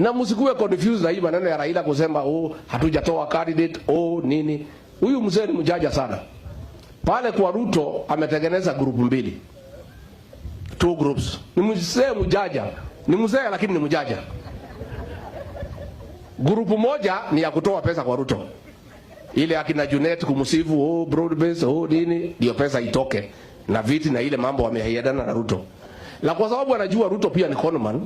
na msikuwe confused na hii maneno ya Raila kusema oh, hatujatoa candidate oh, nini. Huyu mzee ni mjaja sana. Pale kwa Ruto ametengeneza grupu mbili, two groups. Ni mzee mjaja, ni mzee lakini ni mjaja. Grupu moja ni ya kutoa pesa kwa Ruto, ile akina Junet kumsifu oh, broad base oh, nini, ndio pesa itoke na viti na ile mambo wameahidiana na Ruto, na kwa sababu anajua Ruto pia ni conman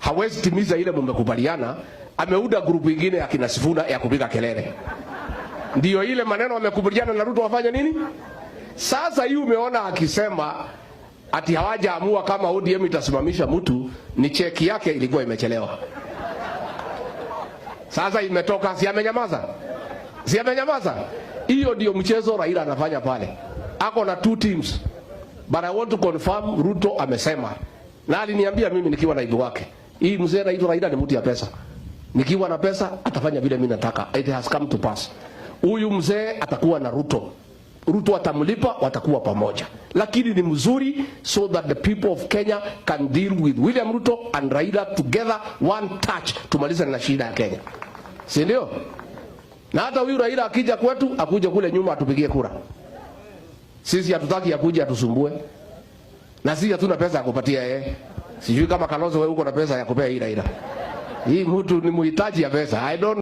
hawezi timiza ile mmekubaliana, ameuda grupu ingine ya kina Sifuna ya kupiga kelele. Ndiyo ile maneno wamekubaliana na Ruto wafanya nini? Sasa hii umeona akisema ati hawajaamua kama ODM itasimamisha mtu, ni cheki yake ilikuwa imechelewa. Sasa imetoka, si amenyamaza? Si amenyamaza? Hiyo ndio mchezo Raila anafanya pale. Ako na two teams. But I want to confirm Ruto amesema. Na aliniambia mimi nikiwa naibu wake. Hii mzee anaitwa Raila ni mtu ya pesa. Nikiwa na pesa atafanya vile mimi nataka. It has come to pass. Huyu mzee atakuwa na Ruto. Ruto atamlipa, watakuwa pamoja. Lakini ni mzuri so that the people of Kenya can deal with William Ruto and Raila together one touch tumalize na shida ya Kenya. Si ndio? Na hata huyu Raila akija kwetu, akuja kule nyuma atupigie kura. Sisi hatutaki akuje atusumbue. Na sisi hatuna pesa ya kupatia yeye. Eh. Sijui kama Kalonzo wewe uko na pesa ya kupea ila ila. Hii mtu ni muhitaji ya pesa. I don't